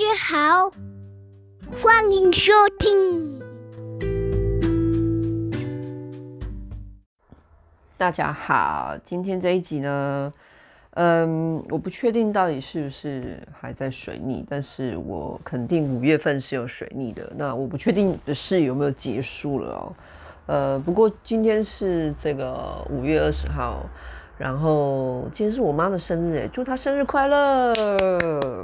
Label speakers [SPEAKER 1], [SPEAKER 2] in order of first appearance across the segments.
[SPEAKER 1] 大家好，歡迎收聽。大家好，今天這一集呢，嗯，我不確定到底是不是還在水逆，但是我肯定五月份是有水逆的。那我不確定的事有沒有結束了哦。呃、嗯，不過今天是這個五月二十號，然後今天是我媽的生日耶，祝她生日快樂。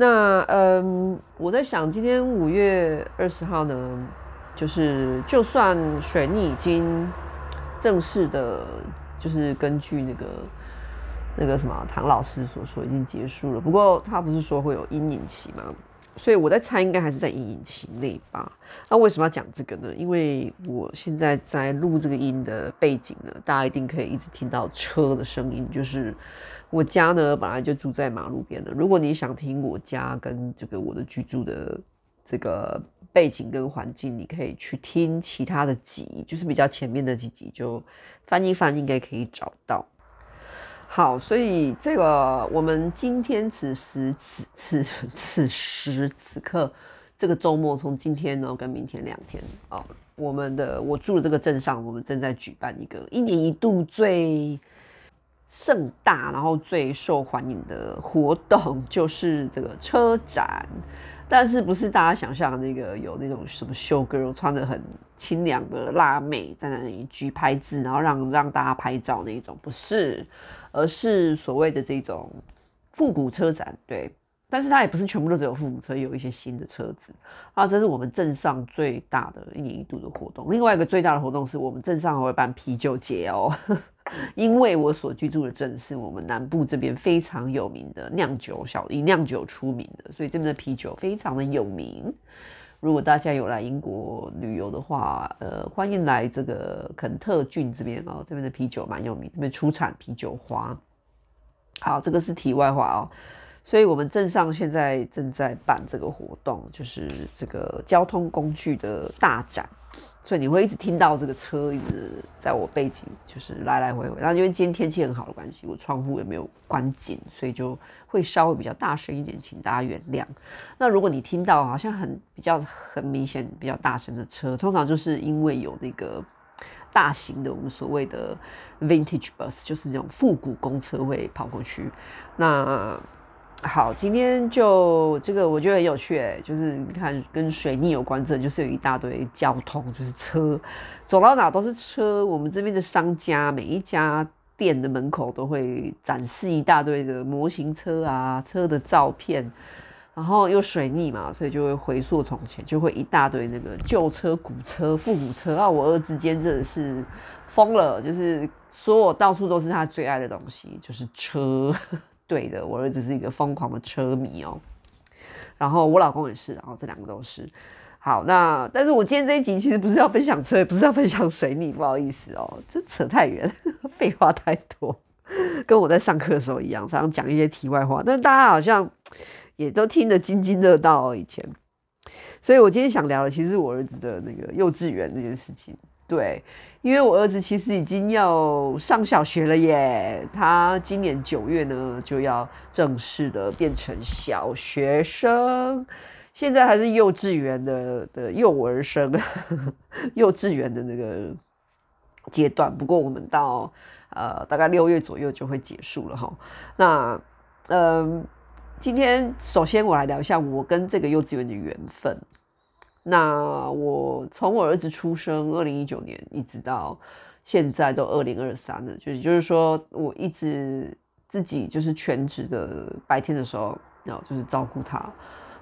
[SPEAKER 1] 那嗯，我在想，今天五月二十號呢，就是就算水逆已經正式的，就是根據那個那個什麼唐老師所說，已經結束了。不過他不是說會有陰影期嗎？所以我在猜，應該還是在陰影期內吧。那、啊、為什麼要講這個呢？因為我現在在錄這個音的背景呢，大家一定可以一直聽到車的聲音，就是。我家呢，本來就住在馬路邊的。如果你想聽我家跟這個我的居住的這個背景跟環境，你可以去聽其他的集，就是比較前面的幾集，就翻一翻應該可、可以找到。好，所以這個我們今天此時此此此時、此、時此刻這個週末，從今天然後跟明天兩天哦，我們的我住的這個鎮上，我們正在舉辦一個一年一度最盛大，然後最受歡迎的活動，就是這個車展，但是不是大家想象的那個有那種什麼秀 girl 穿着很清涼的辣妹站在那裡舉牌子，然後讓讓大家拍照那一種，不是，而是所謂的這種複古車展，對，但是它也不是全部都只有複古車，有一些新的車子啊，這是我們鎮上最大的一年一度的活動。另外一個最大的活動是我們鎮上還會辦啤酒節哦。因為我所居住的鎮是我們南部這邊非常有名的釀酒小，以釀酒出名的，所以這邊的啤酒非常的有名。如果大家有來英國旅遊的話，呃，歡迎來這個肯特郡這邊哦，這邊的啤酒蠻有名，這邊出產啤酒花。好，這個是題外話哦。所以，我們鎮上現在正在辦這個活動，就是這個交通工具的大展。所以你會一直聽到這個車一直在我背景，就是來來回回。然後因為今天天氣很好的關係，我窗戶也沒有關緊，所以就會稍微比較大聲一點，請大家原諒。那如果你聽到好像很比較很明顯、比較大聲的車，通常就是因為有那個大型的我們所謂的 vintage bus，就是那種復古公車會跑過去。那好，今天就這個我覺得很有趣哎，就是你看跟水逆有關這，就是有一大堆交通，就是車，走到哪都是車。我們這邊的商家每一家店的門口都會展示一大堆的模型車啊，車的照片，然後又水逆嘛，所以就會回溯從前，就會一大堆那個舊車、古車、復古車。啊，我兒子間真的是瘋了，就是說我到處都是他最愛的東西，就是車。對的，我兒子是一個瘋狂的車迷哦、喔，然後我老公也是，然後這兩個都是。好，那但是我今天這一集其實不是要分享車，也不是要分享水逆，不好意思哦、喔，這扯太遠，廢話太多， 跟我在上課的時候一樣，常常講一些題外話，但大家好像也都聽得津津樂道哦，以前。所以我今天想聊的，其實是我兒子的那個幼稚園那件事情。對，因為我兒子其實已經要上小學了耶，他今年九月呢就要正式的變成小學生，現在還是幼稚園的的幼兒生，幼稚園的那個階段。不過我們到呃大概六月左右就會結束了哈。那嗯、呃，今天首先我來聊一下我跟這個幼稚園的緣分。那我從我兒子出生，二零一九年一直到現在都二零二三了，就就是說，我一直自己就是全職的，白天的時候然後就是照顧他，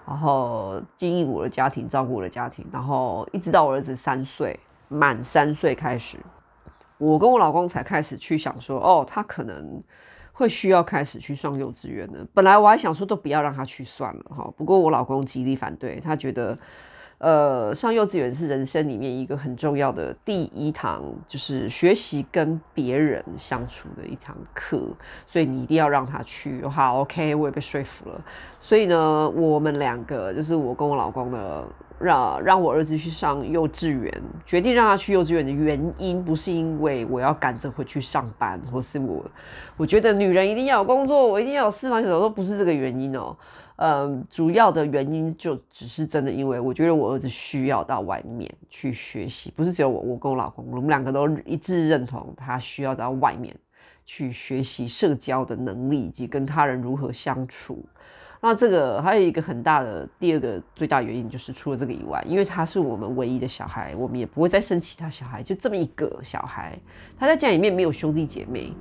[SPEAKER 1] 然後經營我的家庭，照顧我的家庭，然後一直到我兒子三歲，滿三歲開始，我跟我老公才開始去想說，哦，他可能會需要開始去上幼稚園的。本來我還想說都不要讓他去算了哈，不過我老公極力反對，他覺得。呃，上幼稚園是人生裡面一個很重要的第一堂，就是學習跟別人相處的一堂課，所以你一定要讓他去。好，OK，我也被說服了。所以呢，我們兩個就是我跟我老公呢，讓讓我兒子去上幼稚園，決定讓他去幼稚園的原因，不是因為我要趕着回去上班，或是我我覺得女人一定要有工作，我一定要有私房錢，我都不是這個原因哦、喔。呃、嗯，主要的原因就只是真的，因為我覺得我兒子需要到外面去學習，不是只有我，我跟我老公，我們兩個都一致認同他需要到外面去學習社交的能力以及跟他人如何相處。那這個還有一個很大的第二個最大原因就是，除了這個以外，因為他是我們唯一的小孩，我們也不會再生其他小孩，就這麼一個小孩，他在家裡面沒有兄弟姐妹，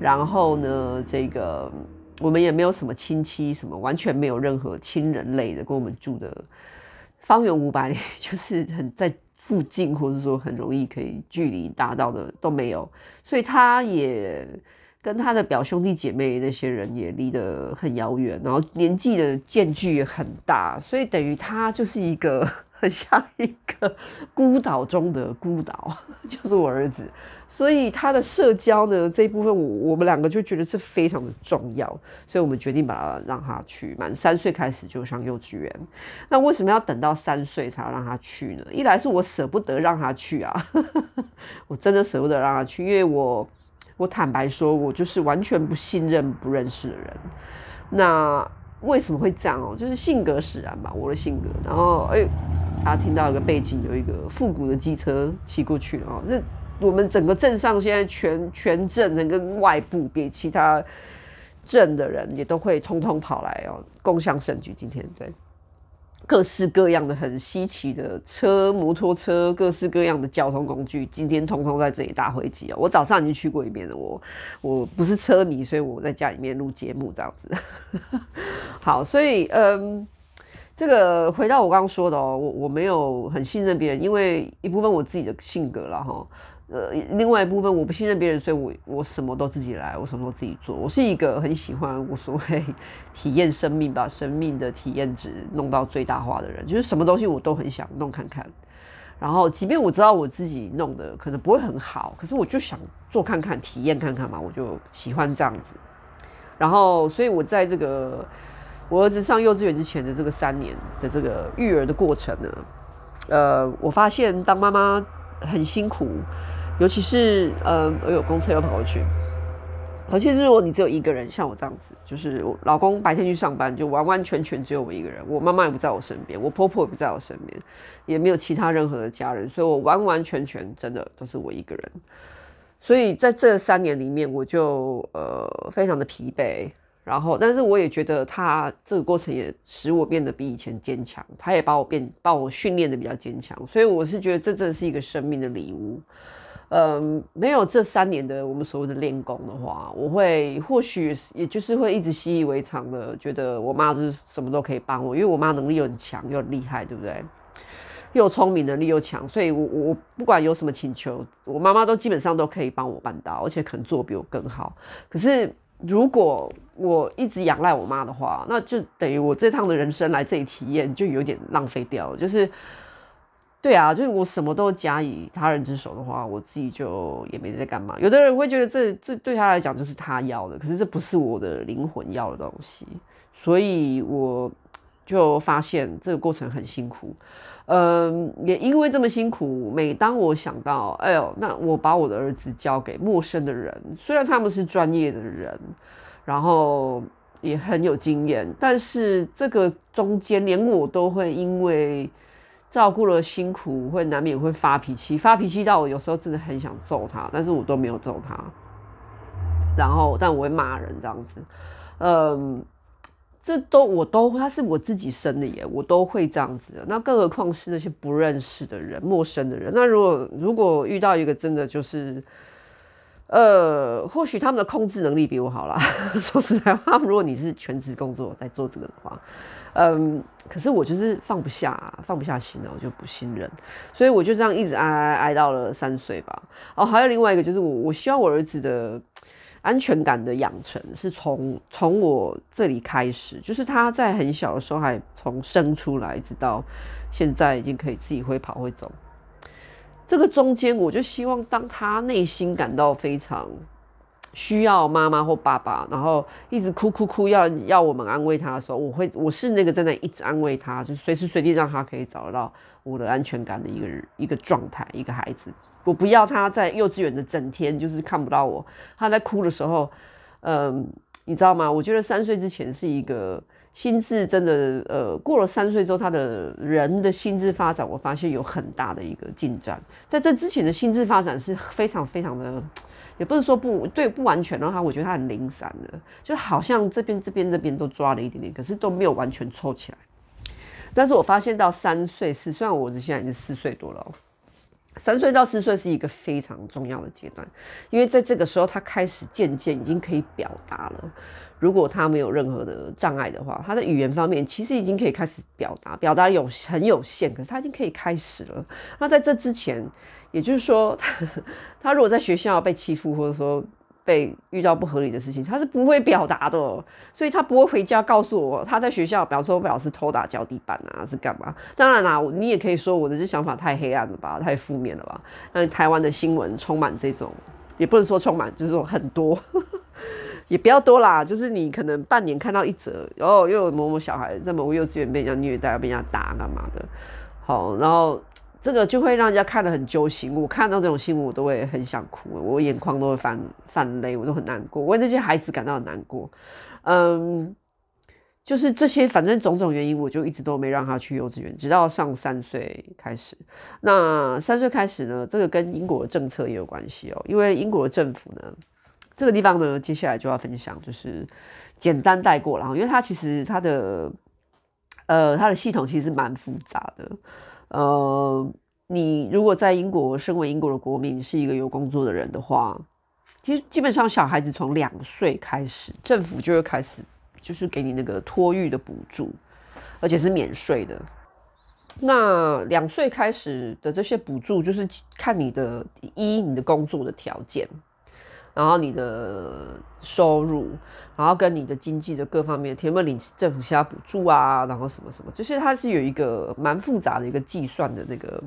[SPEAKER 1] 然後呢，這個。我們也沒有什麼親戚，什麼完全沒有任何親人類的跟我們住的方圓五百里，就是很在附近，或者說很容易可以距離達到的都沒有。所以他也跟他的表兄弟姐妹那些人也離得很遙遠，然後年紀的間距也很大，所以等於他就是一個。很像一個孤島中的孤島，就是我兒子，所以他的社交呢，這一部分，我我們兩個就覺得是非常的重要，所以我們決定把他讓他去滿三歲開始就上幼稚園。那為什麼要等到三歲才要讓他去呢？一來是我捨不得讓他去啊， 我真的捨不得讓他去，因為我我坦白說，我就是完全不信任不認識的人。那。為什麼會這樣哦、喔？就是性格使然吧，我的性格。然後哎，他、欸、聽到一個背景，有一個復古的機車騎過去哦、喔。那我們整個鎮上現在全全鎮，跟外部，給其他鎮的人也都會通通跑來哦、喔，共享盛舉。今天對。各式各樣的很稀奇的車、摩托車，各式各樣的交通工具，今天通通在這裡大匯集。哦，我早上已經去過一遍了，我我不是車迷，所以我在家裡面錄節目這樣子。 好，所以嗯，這個回到我剛剛說的哦、喔，我我沒有很信任別人，因為一部分我自己的性格了哈。呃，另外一部分我不信任別人，所以我我什麼都自己來，我什麼都自己做。我是一個很喜歡，無所謂體驗生命，把生命的體驗值弄到最大化的人。就是什麼東西我都很想弄看看，然後即便我知道我自己弄得可能不會很好，可是我就想做看看，體驗看看嘛，我就喜歡這樣子。然後，所以我在這個我兒子上幼稚園之前的這個三年的這個育兒的過程呢，呃，我發現當媽媽很辛苦。尤其是，呃，我、哎、有公車要跑過去。而且，如果你只有一個人，像我這樣子，就是我老公白天去上班，就完完全全只有我一個人。我媽媽也不在我身邊，我婆婆也不在我身邊，也沒有其他任何的家人，所以我完完全全真的都是我一個人。所以，在這三年裡面，我就呃非常的疲憊。然後，但是我也覺得他這個過程也使我變得比以前堅強。他也把我變，把我訓練得比較堅強。所以，我是覺得這真的是一個生命的禮物。呃、嗯，沒有這三年的我們所謂的練功的話，我會或許也就是會一直習以為常的，覺得我媽就是什麼都可以幫我，因為我媽能力又很強又厲害，對不對？又聰明，能力又強，所以我我不管有什麼請求，我媽媽都基本上都可以幫我辦到，而且可能做比我更好。可是如果我一直仰賴我媽的話，那就等於我這趟的人生來這裡體驗就有點浪費掉了，就是。對啊，就是我什麼都交於他人之手的話，我自己就也沒在幹嘛。有的人會覺得這這對他來講就是他要的，可是這不是我的靈魂要的東西，所以我就發現這個過程很辛苦。嗯，也因為這麼辛苦，每當我想到，哎呦，那我把我的兒子交給陌生的人，雖然他們是專業的人，然後也很有經驗，但是這個中間連我都會因為。照顧了辛苦，會難免會發脾氣，發脾氣到我有時候真的很想揍他，但是我都沒有揍他。然後，但我會罵人這樣子，嗯，這都我都他是我自己生的耶，我都會這樣子的。那更何況是那些不認識的人、陌生的人。那如果如果遇到一個真的就是，呃，或許他們的控制能力比我好啦。 說實在話，如果你是全職工作在做這個的話。嗯，可是我就是放不下啊，放不下心了，我就不信任，所以我就這樣一直挨挨挨到了三歲吧。哦，還有另外一個就是我我希望我兒子的安全感的養成是從從我這裡開始，就是他在很小的時候還從生出來，直到現在已經可以自己會跑會走，這個中間我就希望當他內心感到非常。需要媽媽或爸爸，然後一直哭哭哭，要要我們安慰他的時候，我會我是那個真的一直安慰他，就隨時隨地讓他可以找得到我的安全感的一個人一個狀態，一個孩子，我不要他在幼稚園的整天就是看不到我，他在哭的時候，嗯、呃，你知道嗎？我覺得三歲之前是一個心智真的，呃，過了三歲之後，他的人的心智發展，我發現有很大的一個進展，在這之前的心智發展是非常非常的。也不是說不對、不完全的，然話我覺得他很零散的，就好像這邊、這邊、那邊都抓了一點點，可是都沒有完全湊起來。但是我發現到三歲四，歲然我是現在已經四歲多了，三歲到四歲是一個非常重要的階段，因為在這個時候他開始漸漸已經可以表達了。如果他沒有任何的障礙的話，他的語言方面其實已經可以開始表達，表達有很有限，可是他已經可以開始了。那在這之前，也就是說他，他如果在學校被欺負，或者說被遇到不合理的事情，他是不會表達的，所以他不會回家告訴我他在學校，比方說被老師偷打腳底板啊，是幹嘛？當然啦，你也可以說我的這想法太黑暗了吧，太負面了吧？嗯，台灣的新聞充滿這種，也不能說充滿，就是說很多。也不要多啦，就是你可能半年看到一則，然後又有某某小孩在某個幼稚園被人家虐待，被人家打幹嘛的，好，然後這個就會讓人家看得很揪心。我看到這種新聞，我都會很想哭，我眼眶都會泛泛淚，我都很難過，為那些孩子感到很難過。嗯，就是這些，反正種種原因，我就一直都沒讓他去幼稚園，直到上三歲開始。那三歲開始呢，這個跟英國的政策也有關係哦，因為英國的政府呢。這個地方呢，接下來就要分享，就是簡單帶過來，因為它其實它的呃，它的系統其實蠻複雜的。呃，你如果在英國，身為英國的國民，是一個有工作的人的話，其實基本上小孩子從兩歲開始，政府就會開始就是給你那個托育的補助，而且是免稅的。那兩歲開始的這些補助，就是看你的一你的工作的條件。然後你的收入，然後跟你的經濟的各方面，有沒有領政府其他補助啊？然後什麼什麼，就是它是有一個蠻複雜的一個計算的那個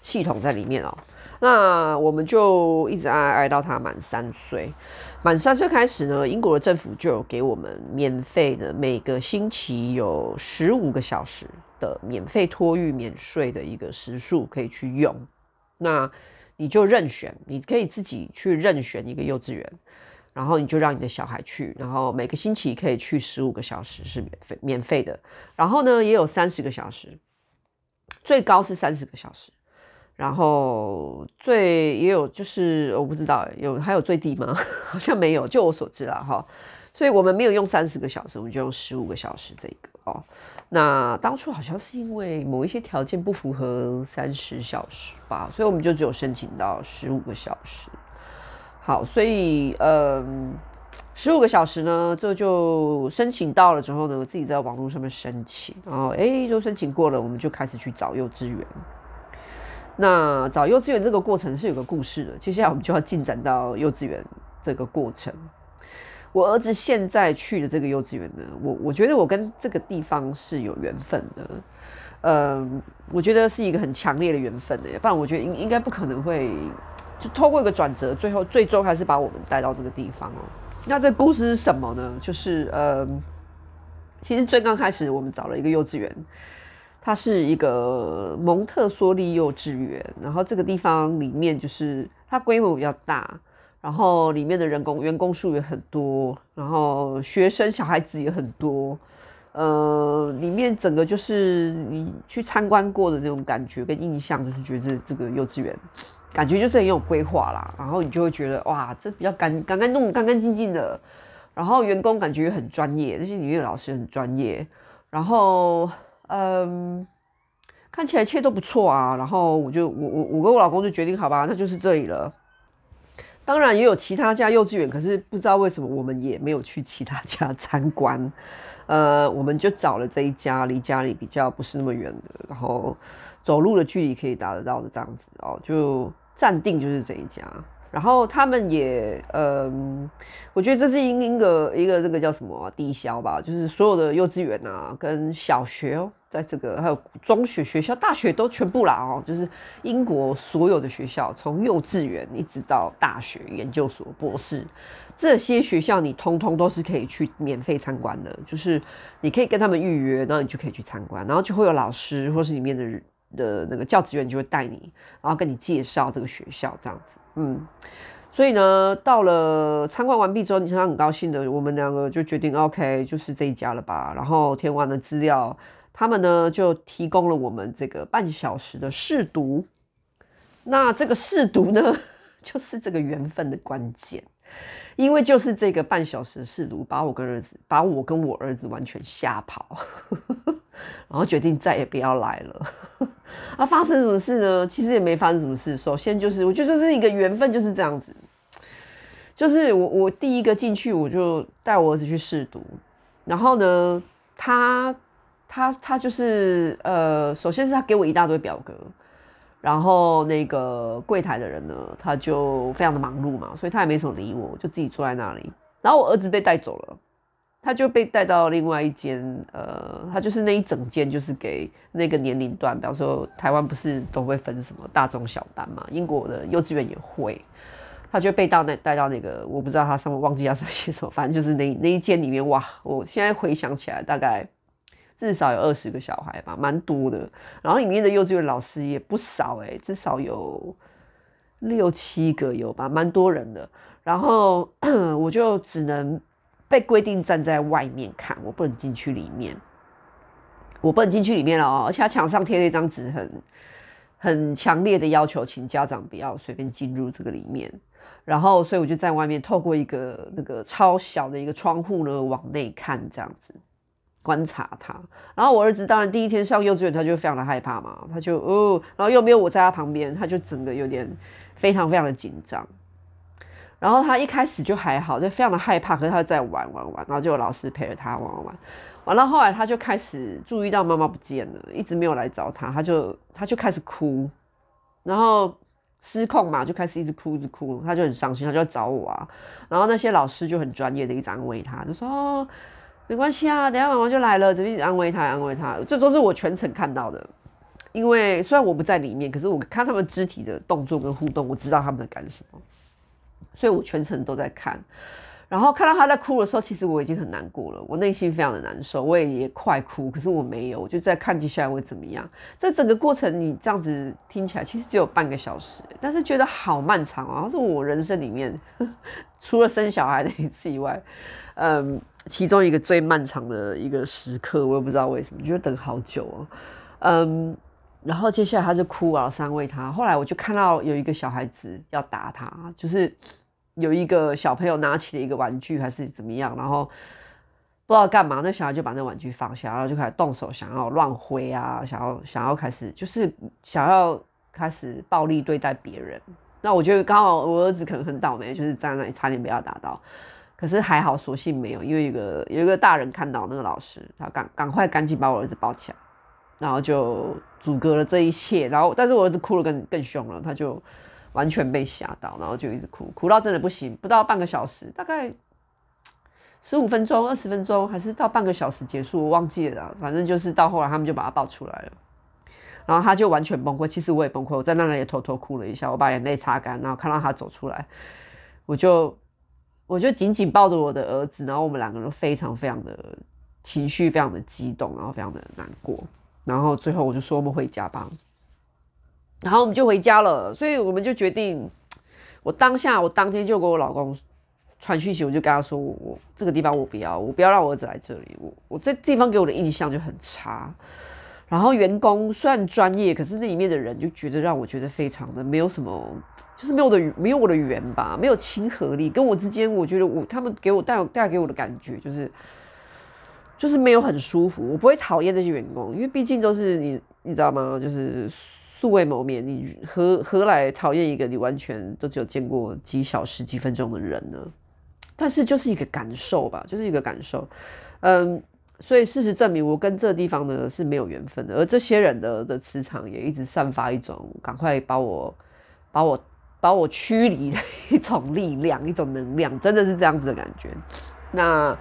[SPEAKER 1] 系統在裡面哦。那我們就一直挨挨到他滿三歲，滿三歲開始呢，英國的政府就有給我們免費的每個星期有十五個小時的免費托育，免稅的一個時數可以去用。那你就任選，你可以自己去任選一個幼稚園，然後你就讓你的小孩去，然後每個星期可以去十五個小時是免費免費的，然後呢也有三十個小時，最高是三十個小時，然後最也有就是我不知道有還有最低嗎？好像沒有，就我所知啦哈，所以我們沒有用三十個小時，我們就用十五個小時這一個。哦，那當初好像是因為某一些條件不符合三十小時吧，所以我們就只有申請到十五個小時。好，所以嗯十五個小時呢，這就，就申請到了之後呢，我自己在網絡上面申請，然後，欸，就申請過了，我們就開始去找幼稚園。那找幼稚園這個過程是有個故事的，接下來我們就要進展到幼稚園這個過程。我兒子現在去的這個幼稚園呢，我我覺得我跟這個地方是有緣分的，嗯，我覺得是一個很強烈的緣分的。不然我覺得應應該不可能會就透過一個轉折，最後最終還是把我們帶到這個地方哦、喔。那這個故事是什麼呢？就是呃、嗯，其實最剛開始我們找了一個幼稚園，它是一個蒙特梭利幼稚園，然後這個地方裡面就是它規模比較大。然後裡面的人工員工數也很多，然後學生小孩子也很多，呃，裡面整個就是你去參觀過的那種感覺跟印象，就是覺得這個幼稚園，感覺就是很有規劃啦。然後你就會覺得哇，這比較乾，乾乾弄乾乾淨淨的，然後員工感覺很專業，那些裡面的老師很專業，然後嗯，看起來一切都不錯啊。然後我就我我我跟我老公就決定，好吧，那就是這裡了。當然也有其他家幼稚園，可是不知道為什麼我們也沒有去其他家參觀，呃，我們就找了這一家，離家裡比較不是那麼遠的，然後走路的距離可以達得到的這樣子哦，就暫定就是這一家。然後他們也，嗯，我覺得這是英英的一個，一個這個叫什麼低銷吧，就是所有的幼稚園啊，跟小學，哦，在這個還有中學、學校、大學都全部啦哦，就是英國所有的學校，從幼稚園一直到大學、研究所、博士，這些學校你通通都是可以去免費參觀的，就是你可以跟他們預約，然後你就可以去參觀，然後就會有老師或是裡面的的那個教職員就會帶你，然後跟你介紹這個學校這樣子。嗯，所以呢，到了參觀完畢之後，你想很高興的，我們兩個就決定 OK，就是這一家了吧。然後填完了資料，他們呢就提供了我們這個半小時的試讀。那這個試讀呢，就是這個緣分的關鍵，因為就是這個半小時試讀，把我跟兒子，把我跟我兒子完全嚇跑， 然後決定再也不要來了。啊，發生什麼事呢？其實也沒發生什麼事。首先就是，我覺得就是一個緣分，就是這樣子。就是我，我第一個進去，我就帶我兒子去試讀。然後呢，他，他，他就是，呃，首先是他給我一大堆表格。然後那個櫃檯的人呢，他就非常的忙碌嘛，所以他也沒什麼理我，就自己坐在那裡。然後我兒子被帶走了。他就被帶到另外一間，呃，他就是那一整間，就是給那個年齡段，比方說台灣不是都會分什麼大中小班嘛，英國的幼稚園也會，他就被到那帶到那個，我不知道他上面忘記他寫什麼班，反正就是那那一間裡面，哇，我現在回想起來，大概至少有二十個小孩吧，蠻多的，然後裡面的幼稚園老師也不少、欸，誒，至少有六七個有吧，蠻多人的，然後我就只能。被規定站在外面看，我不能進去裡面，我不能進去裡面了哦、喔。而且他牆上貼了一張紙，很很強烈的要求，請家長不要隨便進入這個裡面。然後，所以我就在外面透過一個那個超小的一個窗戶呢，往內看這樣子觀察他。然後我兒子當然第一天上幼稚園，他就非常的害怕嘛，他就哦，然後又沒有我在他旁邊，他就整個有點非常非常的緊張。然後他一開始就還好，就非常的害怕。可是他在玩玩玩，然後就有老師陪着他玩玩玩。完了後，後來他就開始注意到媽媽不見了，一直沒有來找他，他就他就開始哭，然後失控嘛，就開始一直哭一直哭。他就很傷心，他就要找我啊。然後那些老師就很專業的一直安慰他，就說、哦、沒關係啊，等一下媽媽就來了。怎麼一直安慰他，安慰他，這都是我全程看到的。因為雖然我不在裡面，可是我看他們肢體的動作跟互動，我知道他們在幹什麼。所以我全程都在看，然後看到他在哭的時候，其實我已經很難過了，我內心非常的難受，我也也快哭，可是我沒有，我就在看接下來會怎麼樣。這整個過程你這樣子聽起來，其實只有半個小時，欸，但是覺得好漫長啊！然後是我人生裡面呵呵除了生小孩的一次以外，嗯，其中一個最漫長的一個時刻，我也不知道為什麼，就是等好久啊，嗯，然後接下來他就哭啊，安慰他，後來我就看到有一個小孩子要打他，就是。有一個小朋友拿起了一個玩具，還是怎麼樣，然後不知道幹嘛，那小孩就把那玩具放下，然後就開始動手，想要亂揮啊，想要想要開始，就是想要開始暴力對待別人。那我覺得剛好我兒子可能很倒霉，就是站在那裡差點被他打到，可是還好，所幸沒有，因為有一個有一個大人看到那個老師，他趕趕快趕緊把我兒子抱起來，然後就阻隔了這一切。然後但是我兒子哭得更更兇了，他就。完全被嚇到，然後就一直哭，哭到真的不行，不到半個小時，大概十五分鐘、二十分鐘，還是到半個小時結束，我忘記了。反正就是到後來，他們就把他抱出來了，然後他就完全崩潰，其實我也崩潰，我在那裡也偷偷哭了一下，我把眼淚擦乾，然後看到他走出來，我就我就緊緊抱着我的兒子，然後我們兩個人非常非常的情緒非常的激動，然後非常的難過，然後最後我就說，我們回家吧。然後我們就回家了，所以我們就決定，我當下我當天就跟我老公傳訊息，我就跟他說，我我這個地方我不要，我不要讓我兒子來這裡，我我這地方給我的印象就很差。然後員工雖然專業，可是那裡面的人就覺得讓我覺得非常的沒有什麼，就是沒有的沒有我的緣吧，沒有親和力，跟我之間我覺得我他們給我帶帶給我的感覺就是就是沒有很舒服。我不會討厭那些員工，因為畢竟都是你你知道嗎？就是。素未謀面，你何何來討厭一個你完全都只有見過幾小時、幾分鐘的人呢？但是就是一個感受吧，就是一個感受。嗯，所以事實證明，我跟這個地方呢是沒有緣分的，而這些人的的磁場也一直散發一種趕快把我、把我、把我驅離的一種力量、一種能量，真的是這樣子的感覺。那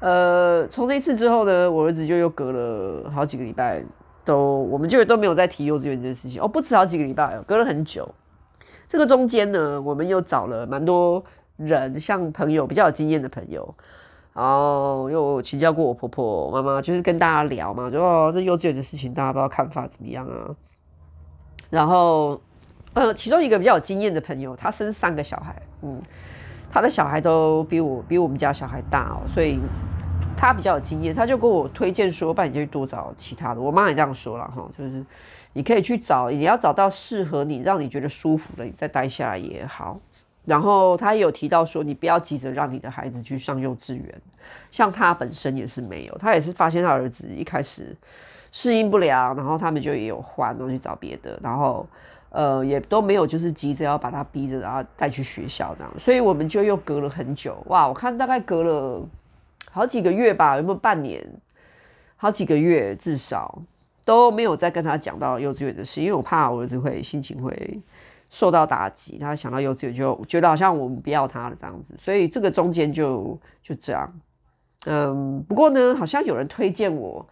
[SPEAKER 1] 呃，從那次之後呢，我兒子就又隔了好幾個禮拜。都，我們就都沒有再提幼稚園這件事情哦，不止好幾個禮拜哦，隔了很久。這個中間呢，我們又找了蠻多人，像朋友比較有經驗的朋友，然後又請教過我婆婆媽媽，媽媽就是跟大家聊嘛，就說，哦，這幼稚園的事情，大家不知道看法怎麼樣啊？然後，呃，其中一個比較有經驗的朋友，她生三個小孩，嗯，她的小孩都比我比我們家小孩大哦，所以。他比較有經驗，他就跟我推薦說：“不然你就去多找其他的。”我媽也這樣說了哈，就是你可以去找，你要找到適合你、讓你覺得舒服的，你再待下來也好。然後他也有提到說，你不要急着讓你的孩子去上幼稚園，像他本身也是沒有，他也是發現他兒子一開始適應不良，然後他們就也有換，然後去找別的，然後呃也都沒有就是急着要把他逼着然後帶去學校這樣。所以我們就又隔了很久，哇，我看大概隔了。好幾個月吧，有沒有半年？好幾個月，至少都沒有再跟他講到幼稚園的事，因為我怕我兒子會心情會受到打擊，他想到幼稚園就覺得好像我們不要他了這樣子，所以這個中間就就這樣。嗯，不過呢，好像有人推薦我，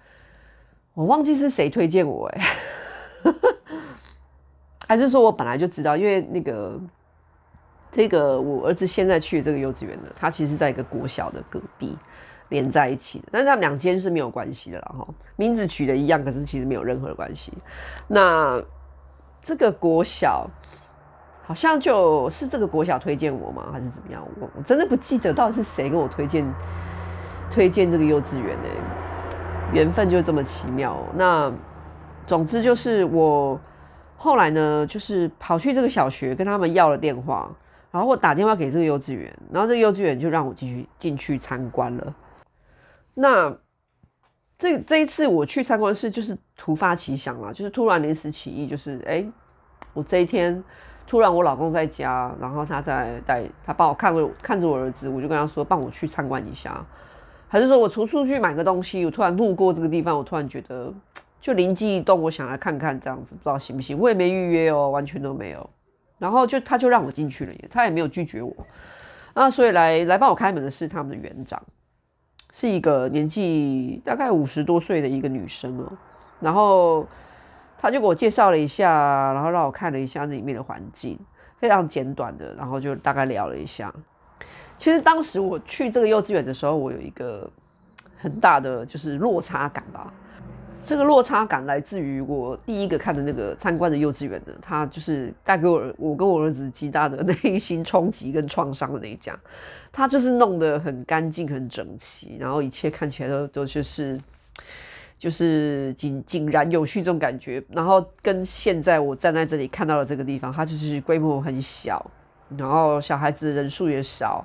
[SPEAKER 1] 我忘記是誰推薦我，欸，哎， 還是說我本來就知道，因為那個。這個我兒子現在去這個幼稚園呢，他其實在一個國小的隔壁，連在一起的，但是他們兩間是沒有關係的啦齁，名字取得一樣，可是其實沒有任何的關係。那這個國小好像就是這個國小推薦我嗎？還是怎麼樣？我我真的不記得到底是誰跟我推薦推薦這個幼稚園嘞、欸，緣分就這麼奇妙、喔。那總之就是我後來呢，就是跑去這個小學跟他們要了電話。然後我打電話給這個幼稚園，然後這個幼稚園就讓我進去進去參觀了。那這這一次我去參觀是就是突發奇想啦，就是突然臨時起意，就是誒，我這一天突然我老公在家，然後他在帶他幫我看看着我兒子，我就跟他說幫我去參觀一下，還是說我出出去買個東西，我突然路過這個地方，我突然覺得就靈機一動，我想來看看這樣子，不知道行不行，我也沒預約哦，完全都沒有。然後就他就讓我進去了，耶，他也沒有拒絕我。那所以來來幫我開門的是他們的園長，是一個年紀大概五十多歲的一個女生哦。然後他就給我介紹了一下，然後讓我看了一下那裡面的環境，非常簡短的，然後就大概聊了一下。其實當時我去這個幼稚園的時候，我有一個很大的就是落差感吧。這個落差感來自於我第一個看的那個參觀的幼稚園的，它就是帶給我我跟我兒子極大的內心衝擊跟創傷的那一家，它就是弄得很乾淨很整齊，然後一切看起來都都就是就是井井然有序這種感覺，然後跟現在我站在這裡看到的這個地方，它就是規模很小，然後小孩子人數也少。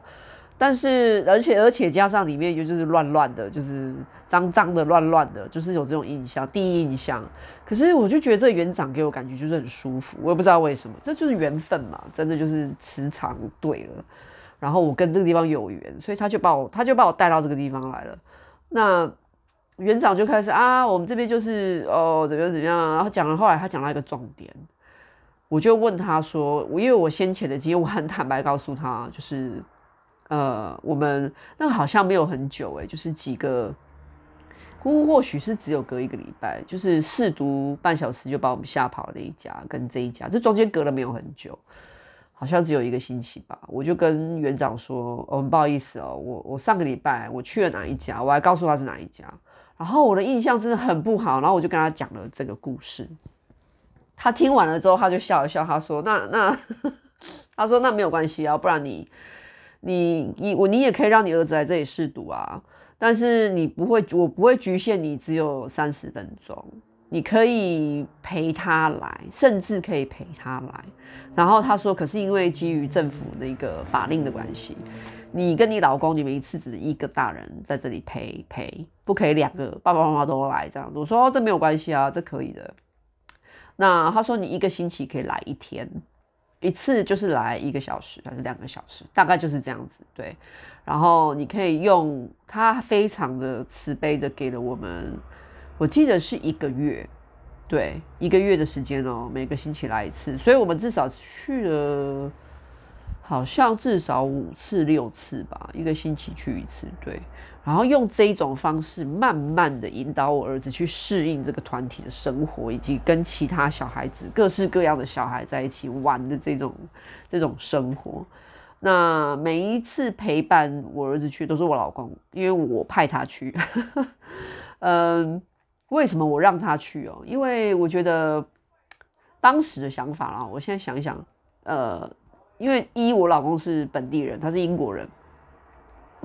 [SPEAKER 1] 但是，而且，而且加上裡面又就是亂亂的，就是髒髒的，亂亂的，就是有這種印象，第一印象。可是我就覺得這園長給我感覺就是很舒服，我也不知道為什麼，這就是緣分嘛，真的就是磁場對了。然後我跟這個地方有緣，所以他就把我他就把我帶到這個地方來了。那園長就開始啊，我們這邊就是哦，怎麼樣怎麼樣，然後講了。後來他講到一個重點，我就問他說，我因為我先前的經驗，我很坦白告訴他，就是。呃，我們那好像沒有很久誒，就是幾個，或許是只有隔一個禮拜，就是試讀半小時就把我們嚇跑了那一家，跟這一家，這中間隔了沒有很久，好像只有一個星期吧。我就跟園長說，哦，不好意思哦，我我上個禮拜我去了哪一家，我還告訴他是哪一家，然後我的印象真的很不好，然後我就跟他講了這個故事，他聽完了之後，他就笑了笑，他說：“那那， 他說那沒有關係啊，不然你。”你你我你也可以讓你兒子來這裡試讀啊，但是你不會，我不會局限你只有三十分鐘，你可以陪他來，甚至可以陪他來。然後他說，可是因為基於政府的一個法令的關係，你跟你老公，你們一次只一個大人在這裡陪陪，不可以兩個，爸爸媽媽都來這樣子。我說，哦，這沒有關係啊，這可以的。那他說你一個星期可以來一天。一次就是來一個小時還是兩個小時，大概就是這樣子對。然後你可以用他非常的慈悲的給了我們，我記得是一個月，對，一個月的時間哦、喔，每個星期來一次，所以我們至少去了好像至少五次六次吧，一個星期去一次對。然後用這一種方式，慢慢的引導我兒子去適應這個團體的生活，以及跟其他小孩子、各式各樣的小孩在一起玩的這種、這種生活。那每一次陪伴我兒子去，都是我老公，因為我派他去。 嗯，為什麼我讓他去哦？因為我覺得當時的想法啦，我現在想一想，呃，因為一我老公是本地人，他是英國人。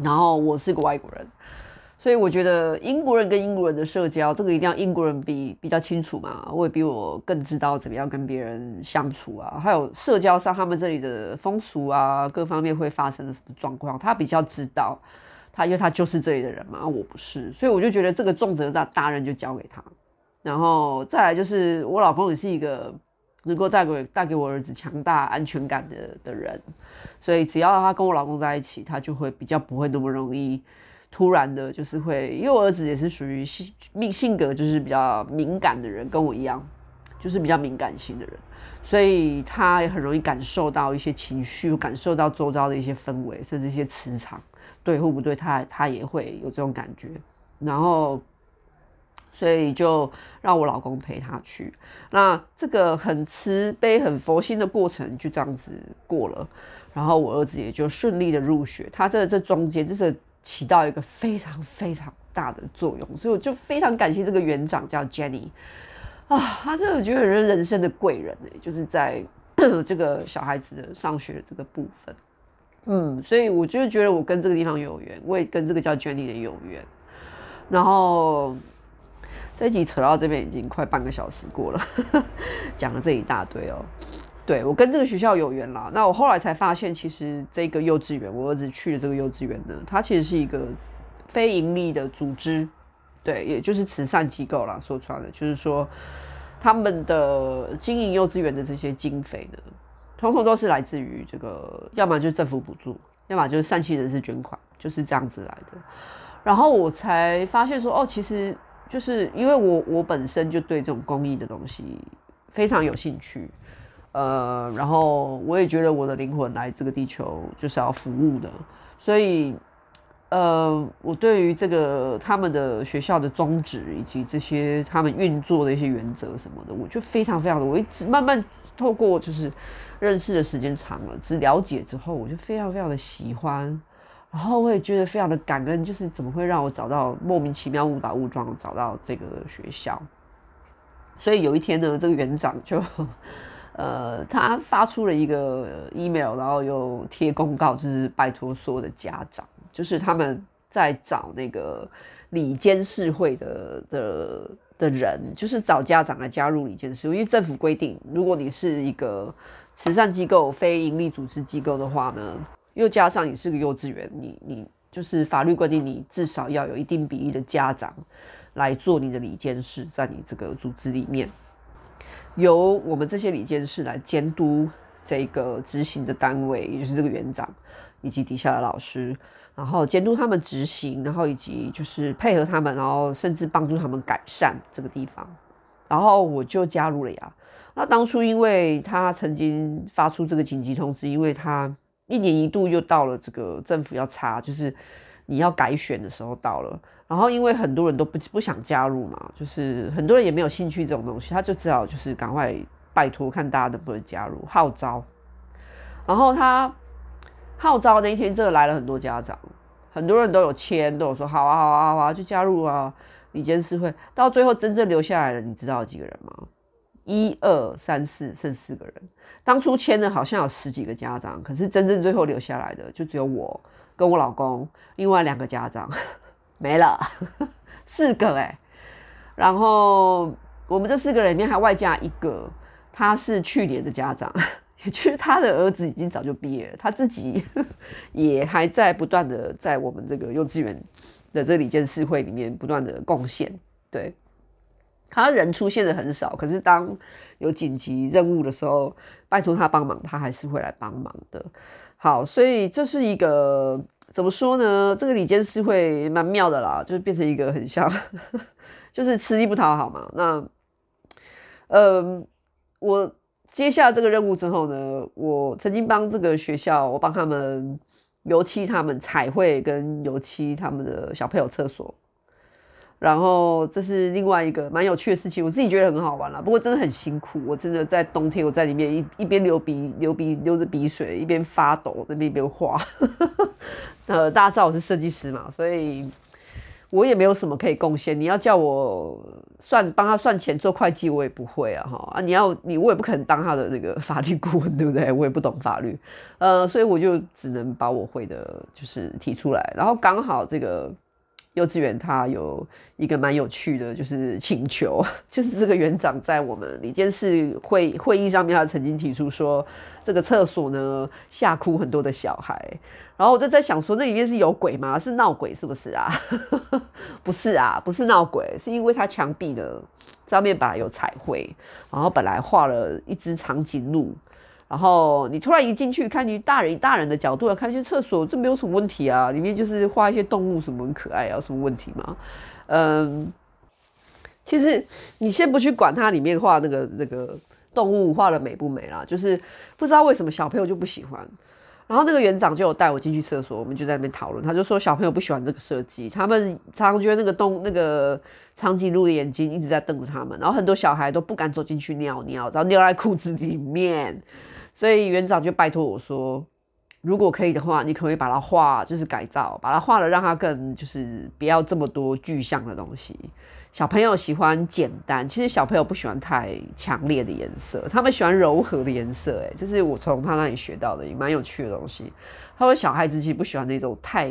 [SPEAKER 1] 然後我是個外國人，所以我覺得英國人跟英國人的社交，這個一定要英國人比比較清楚嘛，我也比我更知道怎麼樣跟別人相處啊，還有社交上他們這裡的風俗啊，各方面會發生的什麼狀況，他比較知道。他因為他就是這裡的人嘛，我不是，所以我就覺得這個重責大大任就交給他。然後再來就是我老公也是一個。能夠帶給帶給我兒子強大安全感的的人，所以只要他跟我老公在一起，他就會比較不會那麼容易突然的，就是會因為我兒子也是屬於性命性格就是比較敏感的人，跟我一樣，就是比較敏感型的人，所以他也很容易感受到一些情緒，感受到周遭的一些氛圍，甚至一些磁場，對或不對他，他他也會有這種感覺，然後。所以就讓我老公陪他去，那這個很慈悲、很佛心的過程就這樣子過了，然後我兒子也就順利的入學。他在這中間就是起到一個非常非常大的作用，所以我就非常感謝這個園長叫 Jenny 啊，他真的覺得人生的貴人、欸、就是在 這個小孩子的上學的這個部分，嗯，所以我就覺得我跟這個地方有緣，我也跟這個叫 Jenny 的有緣，然後。這一集扯到這邊已經快半個小時過了， 講了這一大堆哦、喔。對，我跟這個學校有緣啦。那我後來才發現，其實這個幼稚園，我兒子去的這個幼稚園呢，它其實是一個非盈利的組織，對，也就是慈善機構啦。說穿了，就是說他們的經營幼稚園的這些經費呢，通通都是來自於這個，要麼就是政府補助，要麼就是善心人士捐款，就是這樣子來的。然後我才發現說，哦、喔，其實。就是因為我我本身就對這種公益的東西非常有興趣，呃，然後我也覺得我的靈魂來這個地球就是要服務的，所以，呃，我對於這個他們的學校的宗旨以及這些他們運作的一些原則什麼的，我就非常非常的，我一直慢慢透過就是認識的時間長了，只了解之後，我就非常非常的喜歡。然後我也覺得非常的感恩，就是怎麼會讓我找到莫名其妙、誤打誤撞找到這個學校。所以有一天呢，這個園長就，呃，他發出了一個 email，然後又貼公告，就是拜託所有的家長，就是他們在找那個理監事會的的的人，就是找家長來加入理監事會，因為政府規定，如果你是一個慈善機構、非營利組織機構的話呢。又加上你是個幼稚園，你你就是法律規定，你至少要有一定比例的家長來做你的理監事，在你這個組織裡面，由我們這些理監事來監督這個執行的單位，也就是這個園長以及底下的老師，然後監督他們執行，然後以及就是配合他們，然後甚至幫助他們改善這個地方。然後我就加入了呀。那當初因為他曾經發出這個緊急通知，因為他。一年一度又到了，這個政府要查，就是你要改選的時候到了。然後因為很多人都不不想加入嘛，就是很多人也沒有興趣這種東西，他就只好就是趕快拜托看大家能不能加入號召。然後他號召那一天，真的來了很多家長，很多人都有簽，都有說好啊好啊好啊，就加入啊。理監事會到最後真正留下來了，你知道有幾個人嗎？一二三四，剩四個人。當初簽的好像有十幾個家長，可是真正最後留下來的就只有我跟我老公，另外兩個家長 沒了， 四個哎、欸。然後我們這四個人裡面還外加一個，他是去年的家長， 也就是他的兒子已經早就畢業了，他自己 也還在不斷的在我們這個幼稚園的這個理監事會裡面不斷的貢獻，對。他人出現的很少，可是當有緊急任務的時候，拜托他幫忙，他還是會來幫忙的。好，所以這是一個怎麼說呢？這個李堅是會蠻妙的啦，就是變成一個很像，呵呵就是吃力不討好嘛。那，嗯，呃，我接下這個任務之後呢，我曾經幫這個學校，我幫他們油漆他們彩繪，跟油漆他們的小朋友廁所。然後這是另外一個蠻有趣的事情，我自己覺得很好玩啦，不過真的很辛苦，我真的在冬天我在裡面一一邊流鼻流鼻，流鼻，流着鼻水，一邊發抖在那邊畫。 呃，大家知道我是設計師嘛，所以我也沒有什麼可以貢獻。你要叫我算幫他算錢做會計，我也不會啊哈啊！你要你我也不可能當他的那個法律顧問，對不對？我也不懂法律，呃，所以我就只能把我會的，就是提出來。然後剛好這個。幼稚園他有一個蠻有趣的，就是請求，就是這個園長在我們理監事會會議上面，他曾經提出說，這個廁所呢，嚇哭很多的小孩，然後我就在想說，那裡面是有鬼嗎？是鬧鬼是不是啊？ 不是啊，不是鬧鬼，是因為他牆壁的上面本來有彩繪，然後本來畫了一隻長頸鹿。然後你突然一進去，看你大人大人的角度來看，去廁所這沒有什麼問題啊，裡面就是畫一些動物，什麼很可愛啊，什麼問題嗎？嗯，其實你先不去管它裡面畫那個那個動物畫得美不美啦，就是不知道為什麼小朋友就不喜歡。然後那個園長就有帶我進去廁所，我們就在那邊討論，他就說小朋友不喜歡這個設計，他們常常覺得那個動那個長頸鹿的眼睛一直在瞪着他們，然後很多小孩都不敢走進去尿尿，然後尿在褲子裡面。所以園長就拜托我說，如果可以的話，你可不可以把它畫，就是改造，把它畫的讓它更就是不要這麼多具象的東西。小朋友喜歡簡單，其實小朋友不喜歡太強烈的顏色，他們喜歡柔和的顏色。哎，這是我從他那裡學到的，也蠻有趣的東西。他說，小孩子其實不喜歡那種太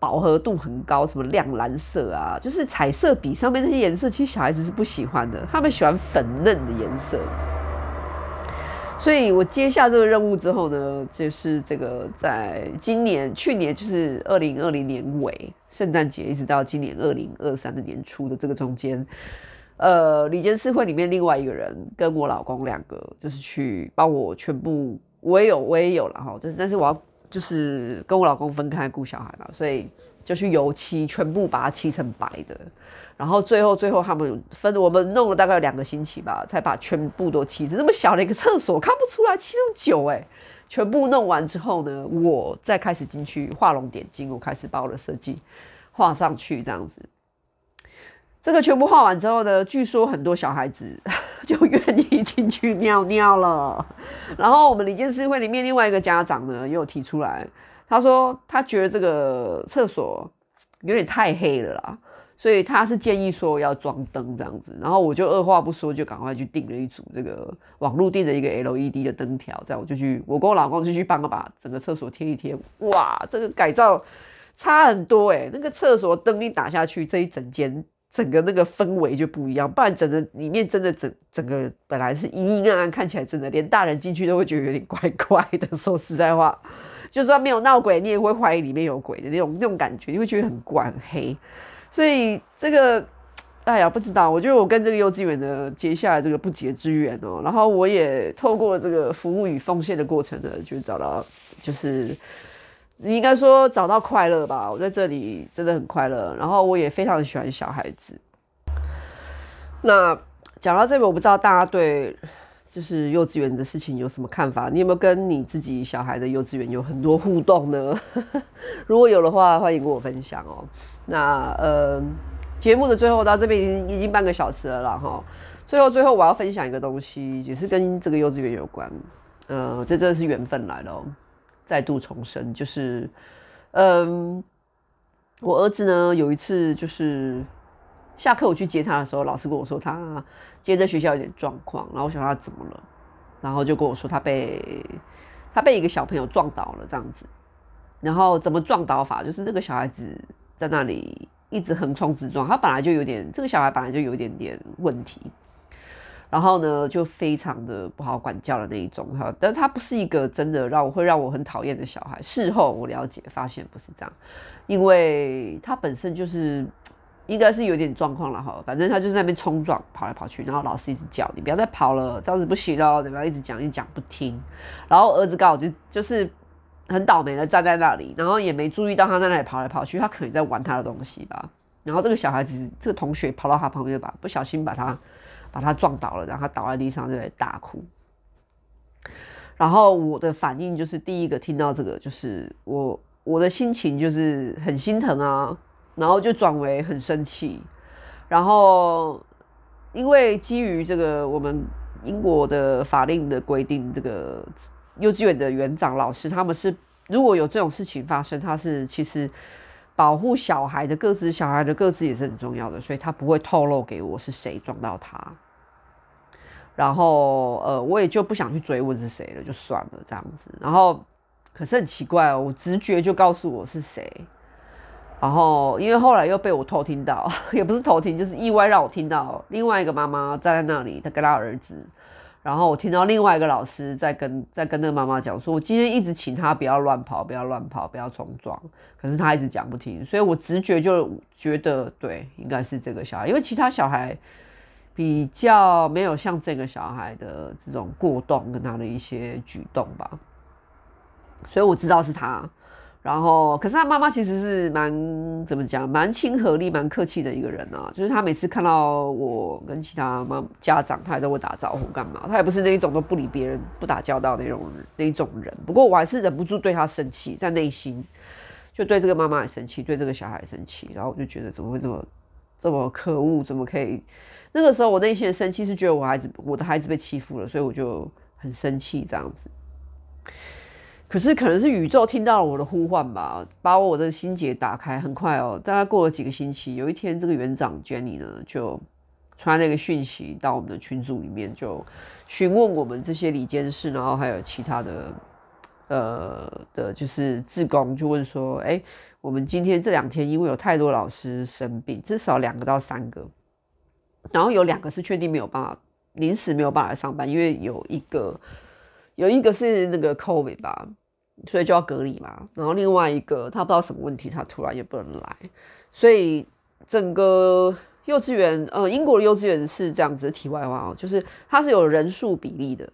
[SPEAKER 1] 飽和度很高，什麼亮藍色啊，就是彩色筆上面那些顏色，其實小孩子是不喜歡的，他們喜歡粉嫩的顏色。所以我接下這個任務之後呢，就是這個在今年去年就是二零二零年尾聖誕節，一直到今年二零二三的年初的這個中間，呃，理監事會裡面另外一個人跟我老公兩個就，就是去幫我全部我也有我也有了哈，就是但是我要就是跟我老公分開顧小孩了，所以就去油漆全部把它漆成白的。然後最後最後，他們分我們弄了大概兩個星期吧，才把全部都砌置。那麼小的一個廁所，看不出來砌那麼久哎。全部弄完之後呢，我再開始進去畫龍點睛，我開始把我的設計畫上去，這樣子。這個全部畫完之後呢，據說很多小孩子就願意進去尿尿了。然後我們理監事會裡面另外一個家長呢，又提出來，他說他覺得這個廁所有點太黑了啦。所以他是建議說要裝燈這樣子，然後我就二話不說就趕快去訂了一組這個網絡訂的一個 LED 的燈條，這樣我就去，我跟我老公就去幫我把整個廁所貼一貼。哇，這個改造差很多哎、欸，那個廁所燈一打下去，這一整間整個那個氛圍就不一樣，不然整個裡面真的整整個本來是陰陰暗暗，看起來真的連大人進去都會覺得有點怪怪的。說實在話，就算沒有鬧鬼，你也會懷疑裡面有鬼的那種那種感覺，你會覺得很怪黑。所以這個，哎呀，不知道。我覺得我跟這個幼稚園的接下來這個不解之緣哦、喔，然後我也透過這個服務與奉獻的過程呢，就找到，就是應該說找到快樂吧。我在這裡真的很快樂，然後我也非常喜歡小孩子。那講到這邊，我不知道大家對。就是幼稚園的事情有什麼看法？你有沒有跟你自己小孩的幼稚園有很多互動呢？ 如果有的話，歡迎跟我分享哦、喔。那呃，節目的最後到這邊已經已經半個小時了啦齁。最後最後我要分享一個東西，也是跟這個幼稚園有關。呃，這真的是緣分來了、喔，再度重生。就是嗯、呃，我兒子呢有一次就是。下課我去接他的時候，老師跟我說他今天在學校有點狀況，然後我想他怎麼了？然後就跟我說他被他被一個小朋友撞倒了這樣子，然後怎麼撞倒法？就是那個小孩子在那裡一直橫衝直撞，他本來就有點，這個小孩本來就有一點點問題，然後呢就非常的不好管教的那一種哈，但他不是一個真的讓我會讓我很討厭的小孩。事後我了解發現不是這樣，因為他本身就是。應該是有點狀況了哈，反正他就在那邊衝撞，跑來跑去，然後老師一直叫你不要再跑了，這樣子不行嘍，怎麼樣？一直講一講不聽，然後兒子剛好就就是很倒霉的站在那裡，然後也沒注意到他在那裡跑來跑去，他可能在玩他的東西吧。然後這個小孩子，這個同學跑到他旁邊吧，不小心把他把他撞倒了，然後他倒在地上就在大哭。然後我的反應就是第一個聽到這個，就是我我的心情就是很心疼啊。然後就轉為很生氣，然後因為基於這個我們英國的法令的規定，這個幼稚園的園長老師他們是，如果有這種事情發生，他是其實保護小孩的各自，小孩的各自也是很重要的，所以他不會透露給我是誰撞到他。然後呃，我也就不想去追問是誰了，就算了這樣子。然後可是很奇怪哦，我直覺就告訴我是誰。然後，因為後來又被我偷聽到，也不是偷聽，就是意外讓我聽到另外一個媽媽站在那裡，她跟她兒子。然後我聽到另外一個老師在跟在跟那個媽媽講說：“我今天一直請他不要亂跑，不要亂跑，不要衝撞，可是他一直講不聽。”所以，我直覺就覺得對，應該是這個小孩，因為其他小孩比較沒有像這個小孩的這種過動，跟他的一些舉動吧。所以我知道是他。然後，可是他媽媽其實是蠻怎麼講，蠻親和力、蠻客氣的一個人啊。就是他每次看到我跟其他媽家長，他也都會打招呼幹嘛，他也不是那一種都不理別人、不打交道那種那種人。不過我還是忍不住對他生氣，在內心就對這個媽媽也生氣，對這個小孩也生氣。然後我就覺得怎麼會這麼這麼可惡，怎麼可以？那個時候我內心的生氣是覺得我孩子我的孩子被欺負了，所以我就很生氣這樣子。可是可能是宇宙聽到了我的呼喚吧，把我的心結打開。很快哦、喔，大概過了幾個星期，有一天，這個園長 Jenny 呢，就傳了一個訊息到我們的群組裡面，就詢問我們這些理監事，然後還有其他的呃的，就是志工，就問說：哎、欸，我們今天這兩天因為有太多老師生病，至少兩個到三個，然後有兩個是確定沒有辦法，臨時沒有辦法來上班，因為有一個有一個是那個 COVID 吧。所以就要隔離嘛，然後另外一個他不知道什麼問題，他突然也不能來，所以整個幼稚園，呃，英國的幼稚園是這樣子的。題外話哦，就是它是有人數比例的，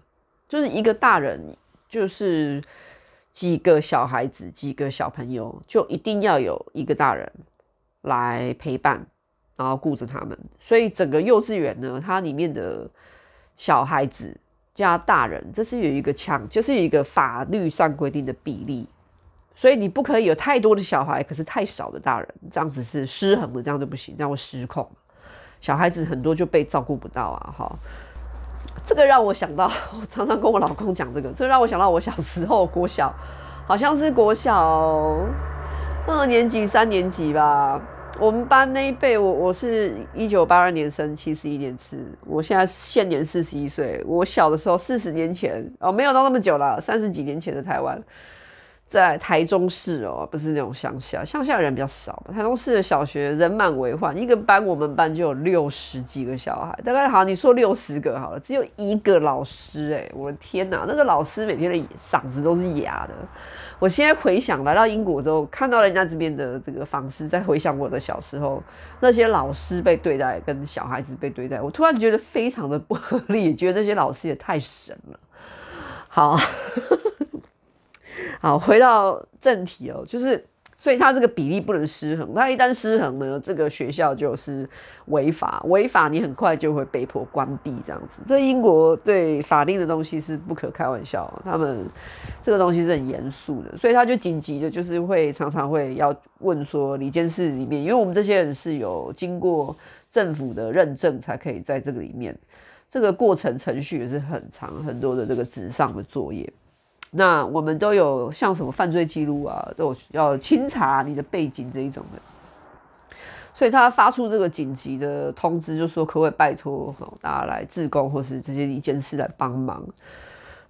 [SPEAKER 1] 就是一個大人就是幾個小孩子，幾個小朋友就一定要有一個大人來陪伴，然後顧着他們。所以整個幼稚園呢，它裡面的小孩子，加大人，這是有一個強，就是有一個法律上規定的比例，所以你不可以有太多的小孩，可是太少的大人，這樣子是失衡的，這樣就不行，這樣會失控。小孩子很多就被照顧不到啊，哈，這個讓我想到，我常常跟我老公講這個，這個讓我想到我小時候國小，好像是國小二年級、三年級吧。我們班那一輩，我我是一九八二年生，七十一年次，我現在現年四十一歲。我小的時候，四十年前哦，沒有到那麼久了，三十幾年前的台灣。在台中市哦、喔，不是那種鄉下，鄉下人比較少吧。台中市的小學人滿為患，一個班我們班就有六十幾個小孩，大概好像你說六十個好了，只有一個老師，哎，我的天哪，那個老師每天的嗓子都是啞的。我現在回想來到英國之後，看到人家這邊的這個方式，再回想我的小時候那些老師被對待跟小孩子被對待，我突然覺得非常的不合理，覺得那些老師也太神了。好。好，回到正題哦，就是所以他這個比例不能失衡，他一旦失衡呢，這個學校就是違法。違法你很快就會被迫關閉這樣子。這英國對法令的東西是不可開玩笑喔，他們這個東西是很嚴肅的，所以他就緊急的，就是會常常會要問說，你件事裡面，因為我們這些人是有經過政府的認證才可以在這個裡面，這個過程程序也是很長，很多的這個紙上的作業。那我們都有像什麼犯罪記錄啊，都要清查你的背景這一種的，所以他發出這個緊急的通知，就說可不可以拜托大家來志工，或是這些一件事來幫忙。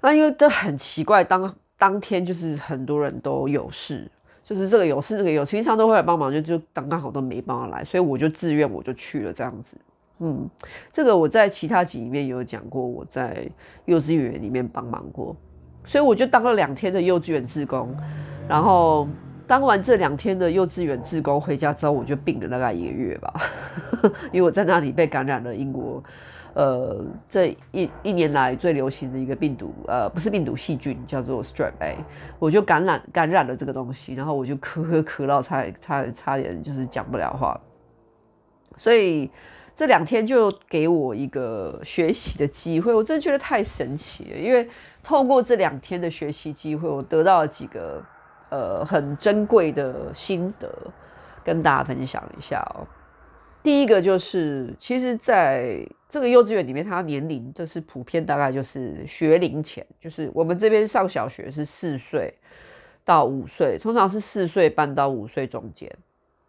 [SPEAKER 1] 那因為都很奇怪，當當天就是很多人都有事，就是這個有事那個有事，平常都會來幫忙，就就剛剛好都沒辦法來，所以我就自願我就去了這樣子。嗯，這個我在其他集裡面有講過，我在幼稚園裡面幫忙過。所以我就當了兩天的幼稚園志工，然後當完這兩天的幼稚園志工回家之後，我就病了大概一個月吧， 因為我在那裡被感染了英國，呃，這一一年來最流行的一個病毒，呃，不是病毒細菌，叫做 Strep A，我就感染感染了這個東西，然後我就咳咳咳到差點差點差點就是講不了話，所以這兩天就給我一個學習的機會，我真的覺得太神奇了，因為，透過這兩天的學習機會，我得到了幾個呃很珍貴的心得，跟大家分享一下哦。第一個就是，其實在這個幼稚園裡面，他年齡就是普遍大概就是學齡前，就是我們這邊上小學是四歲到五歲，通常是四歲半到五歲中間。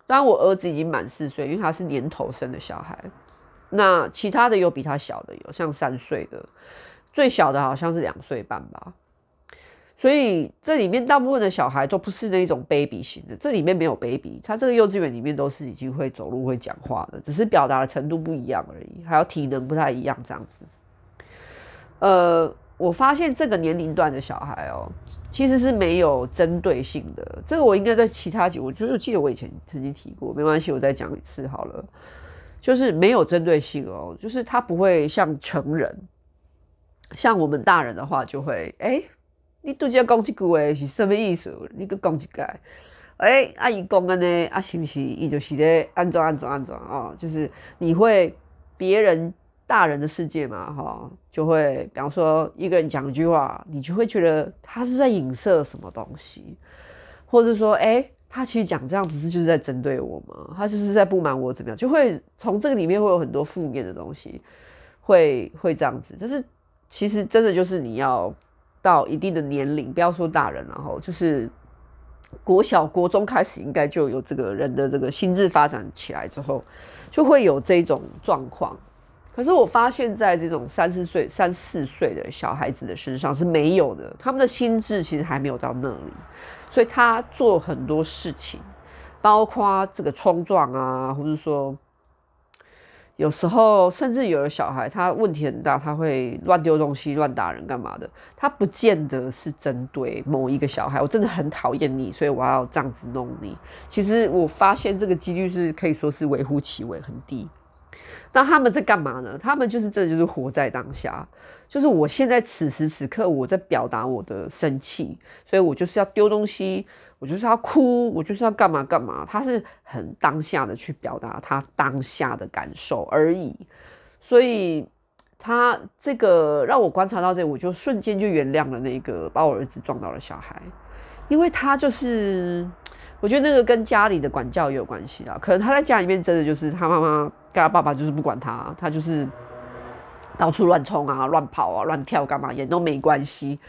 [SPEAKER 1] 當然，我兒子已經滿四歲，因為他是年頭生的小孩。那其他的有比他小的有，有像三歲的。最小的好像是兩歲半吧，所以這裡面大部分的小孩都不是那種 baby 型的，這裡面沒有 baby，他這個幼稚園裡面都是已經會走路、會講話的，只是表達的程度不一樣而已，還有體能不太一樣這樣子。呃，我發現這個年齡段的小孩哦，其實是沒有針對性的。這個我應該在其他集，我就是記得我以前曾經提過，沒關係，我再講一次好了，就是沒有針對性哦，就是他不會像成人。像我們大人的話，就會哎、欸，你都要講一句哎，是什麼意思？你個講幾句。哎、欸，阿姨講的呢？啊，是不是？你就是在安裝、安裝、安裝啊，就是你會別人大人的世界嘛，哈、哦，就會，比方說一個人講一句話，你就會覺得他是、是在影射什麼東西，或者說，哎、欸，他其實講這樣不是就是在針對我嗎？他就是在不滿我怎麼樣？就會從這個裡面會有很多負面的東西，會會這樣子，就是。其實真的就是你要到一定的年齡，不要說大人了哈，就是國小、國中開始，應該就有這個人的這個心智發展起來之後，就會有這種狀況。可是我發現，在這種三四歲、三四歲的小孩子的身上是沒有的，他們的心智其實還沒有到那裡，所以他做很多事情，包括這個衝撞啊，或者是說。有時候甚至有的小孩他問題很大，他會亂丟東西、亂打人幹嘛的，他不見得是針對某一個小孩。我真的很討厭你，所以我要這樣子弄你。其實我發現這個幾率是可以說是微乎其微，很低。那他們在幹嘛呢？他們就是這就是活在當下，就是我現在此時此刻我在表達我的生氣，所以我就是要丟東西。我就是要哭，我就是要幹嘛幹嘛。他是很當下的去表達他當下的感受而已，所以他這個讓我觀察到這，我就瞬間就原諒了那個把我兒子撞倒的小孩，因為他就是，我覺得那個跟家裡的管教也有關係啊。可能他在家裡面真的就是他媽媽跟他爸爸就是不管他，他就是到處亂衝啊、亂跑啊、亂跳幹嘛，也都沒關係。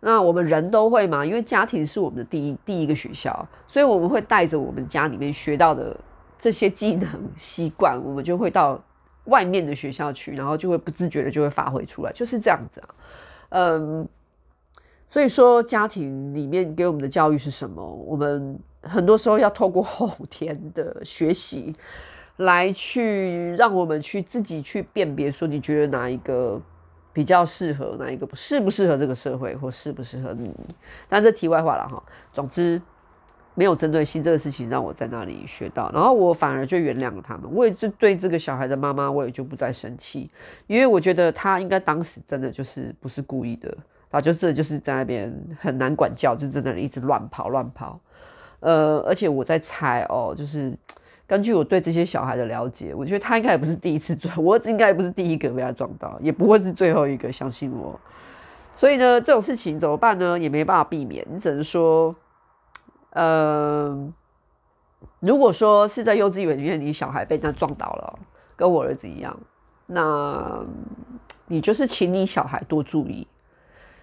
[SPEAKER 1] 那我們人都會嘛，因為家庭是我們的第一第一個學校，所以我們會帶着我們家裡面學到的這些技能、習慣，我們就會到外面的學校去，然後就會不自覺的就會發揮出來，就是這樣子啊。嗯，所以說家庭裡面給我們的教育是什麼？我們很多時候要透過後天的學習來去讓我們去自己去辨別，說你覺得哪一個？比較適合哪一個？適不適合這個社會，或適不適合你？但這題外話了哈。總之，沒有針對性這個事情讓我在那裡學到，然後我反而就原諒了他們。我也就對這個小孩的媽媽，我也就不再生氣，因為我覺得他應該當時真的就是不是故意的，啊，就是就是在那邊很難管教，就在那裡一直亂跑亂跑。呃，而且我在猜哦、喔，就是。根據我對這些小孩的了解，我覺得他應該也不是第一次撞，我兒子應該也不是第一個被他撞到，也不會是最後一個，相信我。所以呢，這種事情怎麼辦呢？也沒辦法避免，你只能說，嗯、呃，如果說是在幼稚園裡面，你小孩被人家撞倒了，跟我兒子一樣，那你就是請你小孩多注意，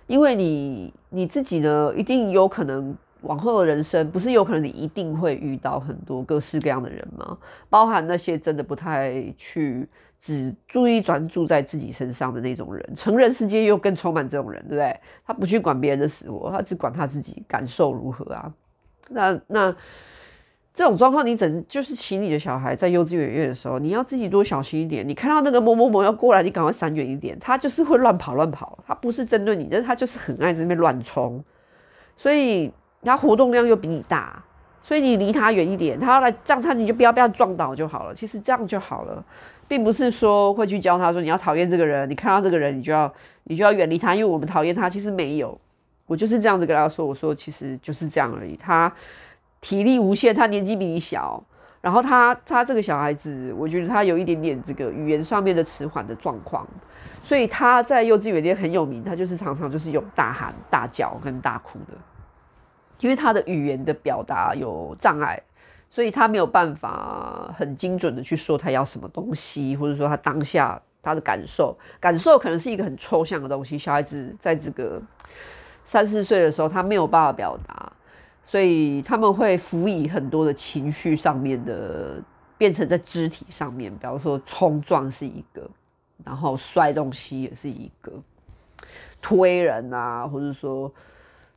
[SPEAKER 1] 因為你你自己呢，一定有可能。往後的人生，不是有可能你一定會遇到很多各式各樣的人嗎？包含那些真的不太去只注意專注在自己身上的那種人，成人世界又更充滿這種人，對不對？他不去管別人的死活，他只管他自己感受如何啊。那那這種狀況，你只能就是請你的小孩在幼稚園園的時候，你要自己多小心一點。你看到那個某某某要過來，你趕快閃遠一點。他就是會亂跑亂跑，他不是針對你，但是他就是很愛在那邊亂衝，所以。他活動量又比你大，所以你離他遠一點。他要來這樣他，你就不要被他撞倒就好了。其實這樣就好了，並不是說會去教他說你要討厭這個人，你看到這個人你就要你就要遠離他，因為我們討厭他。其實沒有，我就是這樣子跟他說，我說其實就是這樣而已。他體力無限，他年紀比你小，然後他他這個小孩子，我覺得他有一點點這個語言上面的遲緩的狀況，所以他在幼稚園裡很有名。他就是常常就是有大喊大叫跟大哭的。因為他的語言的表達有障礙，所以他沒有辦法很精準的去說他要什麼東西，或者說他當下他的感受，感受可能是一個很抽象的東西。小孩子在這個三四歲的時候，他沒有辦法表達，所以他們會輔以很多的情緒上面的，變成在肢體上面，比方說衝撞是一個，然後摔東西也是一個，推人啊，或者說。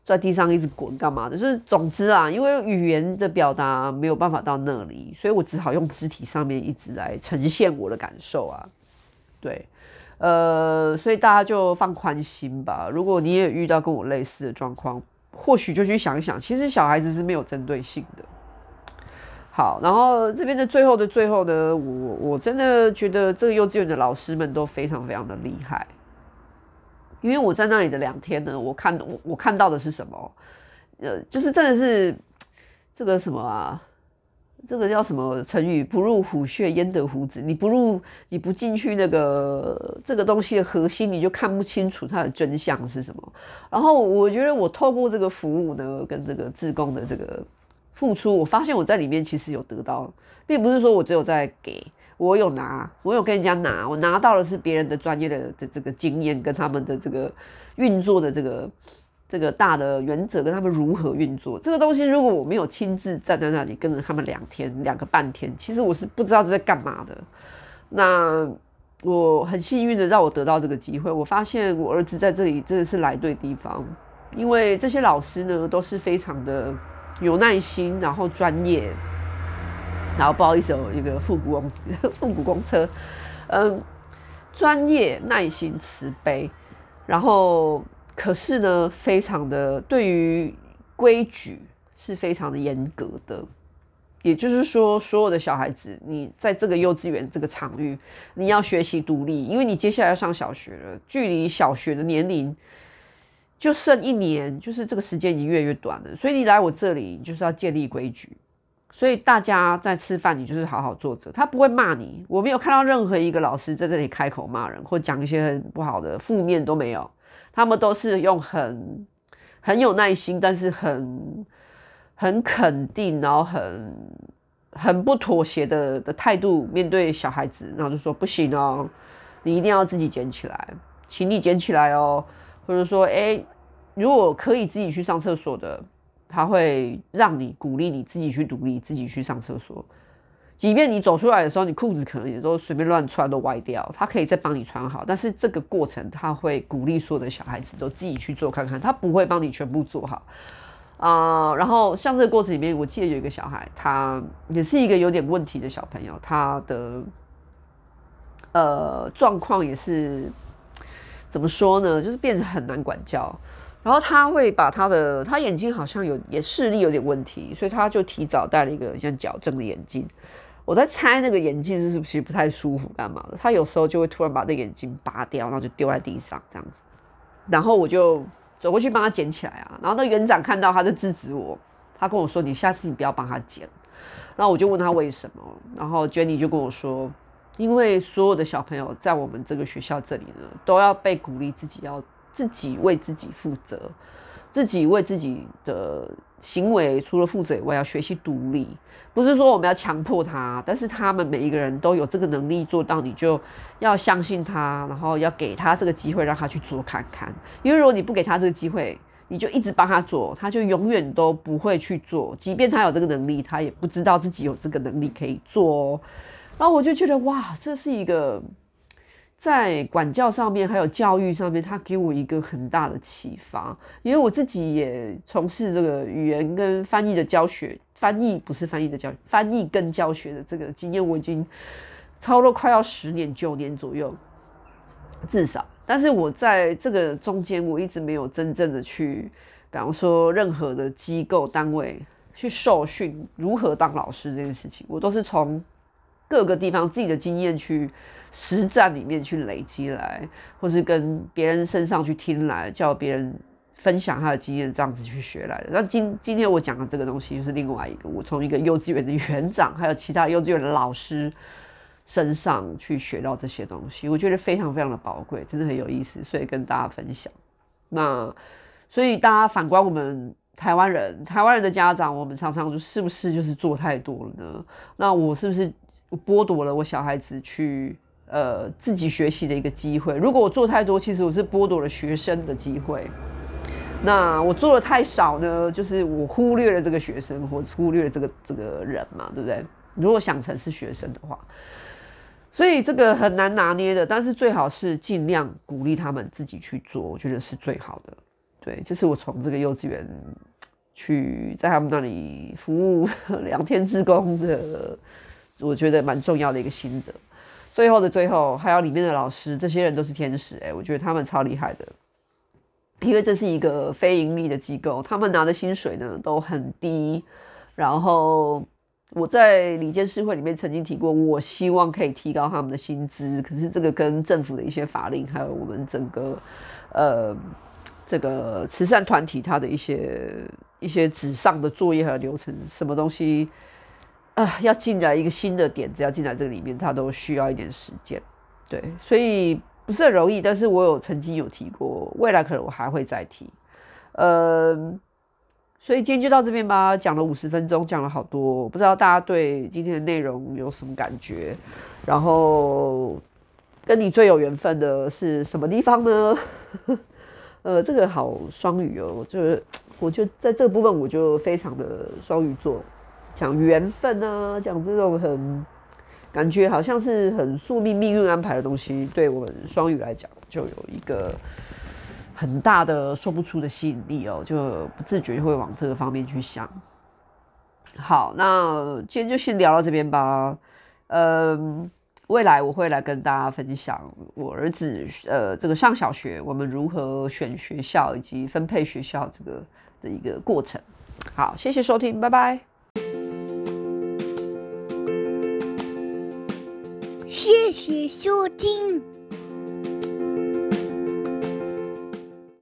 [SPEAKER 1] 在地上一直滾幹嘛的？就是總之啊，因為語言的表達沒有辦法到那裡，所以我只好用肢體上面一直來呈現我的感受啊。對，呃，所以大家就放寬心吧。如果你也遇到跟我類似的狀況，或許就去想一想，其實小孩子是沒有針對性的。好，然後這邊的最後的最後呢，我我真的覺得這個幼稚園的老師們都非常非常的厲害。因為我在那裡的兩天呢，我看我我看到的是什麼？呃，就是真的是這個什麼啊，這個叫什麼成語“不入虎穴，焉得虎子”。你不入你不進去那個這個東西的核心，你就看不清楚它的真相是什麼。然後我覺得，我透過這個服務呢，跟這個志工的這個付出，我發現我在裡面其實有得到，並不是說我只有在給。我有拿，我有跟人家拿，我拿到的是別人的專業的的這個經驗跟他們的這個運作的這個這個大的原則跟他們如何運作這個東西。如果我沒有親自站在那裡跟着他們兩天兩個半天，其實我是不知道這在幹嘛的。那我很幸運的讓我得到這個機會，我發現我兒子在這裡真的是來對地方，因為這些老師呢都是非常的有耐心，然後專業。然後不好意思，一個復古公復古公車，嗯，專業、耐心、慈悲。然後可是呢，非常的對於規矩是非常的嚴格的。也就是說，所有的小孩子，你在這個幼稚園這個場域，你要學習獨立，因為你接下來要上小學了，距離小學的年齡就剩一年，就是這個時間已經越來越短了。所以你來我這裡，就是要建立規矩。所以大家在吃飯，你就是好好坐着，他不會罵你。我沒有看到任何一個老師在這裡開口罵人，或講一些很不好的負面都沒有。他們都是用很很有耐心，但是很很肯定，然後很很不妥協的的態度面對小孩子，然後就說不行喔，你一定要自己撿起來，請你撿起來喔，或者說，欸，如果可以自己去上廁所的。他會讓你鼓勵你自己去獨立，自己去上廁所。即便你走出來的時候，你褲子可能也都隨便亂穿都歪掉，他可以再幫你穿好。但是這個過程，他會鼓勵所有的小孩子都自己去做看看，他不會幫你全部做好啊。呃，然後像這個過程裡面，我記得有一個小孩，他也是一個有點問題的小朋友，他的呃狀況也是怎麼說呢？就是變成很難管教。然後他會把他的他眼睛好像有也視力有點問題，所以他就提早戴了一個像矯正的眼鏡。我在猜那個眼鏡是不是不太舒服，幹嘛的？他有時候就會突然把那個眼鏡拔掉，然後就丟在地上這樣子。然後我就走過去幫他撿起來啊。然後那園長看到他就制止我，他跟我說：“你下次你不要幫他撿。”然後我就問他為什麼，然後 Jenny 就跟我說：“因為所有的小朋友在我們這個學校這裡呢，都要被鼓勵自己要。”自己為自己負責，自己為自己的行為除了負責以外，要學習獨立。不是說我們要強迫他，但是他們每一個人都有這個能力做到，你就要相信他，然後要給他這個機會，讓他去做看看。因為如果你不給他這個機會，你就一直幫他做，他就永遠都不會去做。即便他有這個能力，他也不知道自己有這個能力可以做喔。然後我就覺得，哇，這是一個。在管教上面，還有教育上面，他給我一個很大的啟發。因為我自己也從事這個語言跟翻譯的教學，翻譯不是翻譯的教學，翻譯跟教學的這個經驗我已經超了快要十年、九年左右，至少。但是我在這個中間，我一直沒有真正的去，比方說任何的機構單位去受訓如何當老師這件事情，我都是從各個地方自己的經驗去。實戰裡面去累積來，或是跟別人身上去聽來，叫別人分享他的經驗，這樣子去學來的。那今今天我講的這個東西，就是另外一個，我從一個幼稚園的園長，還有其他幼稚園的老師身上去學到這些東西，我覺得非常非常的寶貴，真的很有意思，所以跟大家分享。那所以大家反觀我們台灣人，台灣人的家長，我們常常說，是不是就是做太多了呢？那我是不是剝奪了我小孩子去呃，自己學習的一個機會。如果我做太多，其實我是剝奪了學生的機會。那我做的太少呢，就是我忽略了這個學生，或者忽略了這個這個人嘛，對不對？如果想成是學生的話，所以這個很難拿捏的。但是最好是儘量鼓勵他們自己去做，我覺得是最好的。對，這、就是我從這個幼稚園去在他們那裡服務兩天志工的，我覺得蠻重要的一個心得。最後的最後，還有裡面的老師，這些人都是天使，欸，我覺得他們超厲害的。因為這是一個非盈利的機構，他們拿的薪水呢都很低。然後我在理監事會裡面曾經提過，我希望可以提高他們的薪資，可是這個跟政府的一些法令，還有我們整個呃這個慈善團體它的一些一些紙上的作業和流程，什麼東西。啊，要進來一個新的點子，要進來這個裡面，它都需要一點時間，對，所以不是很容易。但是我有曾經有提過，未來可能我還會再提。嗯，所以今天就到這邊吧，講了五十分鐘，講了好多，不知道大家對今天的內容有什麼感覺？然後跟你最有緣分的是什麼地方呢？ 呃，這個好雙魚哦、喔，我就是我就在這部分，我就非常的雙魚座。講緣分啊，講這種很感覺好像是很宿命、命運安排的東西，對我們雙魚來講，就有一個很大的說不出的吸引力哦，就不自覺就會往這個方面去想。好，那今天就先聊到這邊吧。嗯，未來我會來跟大家分享我兒子呃這個上小學，我們如何選學校以及分配學校這個的一個過程。好，謝謝收聽，拜拜。謝謝收聽。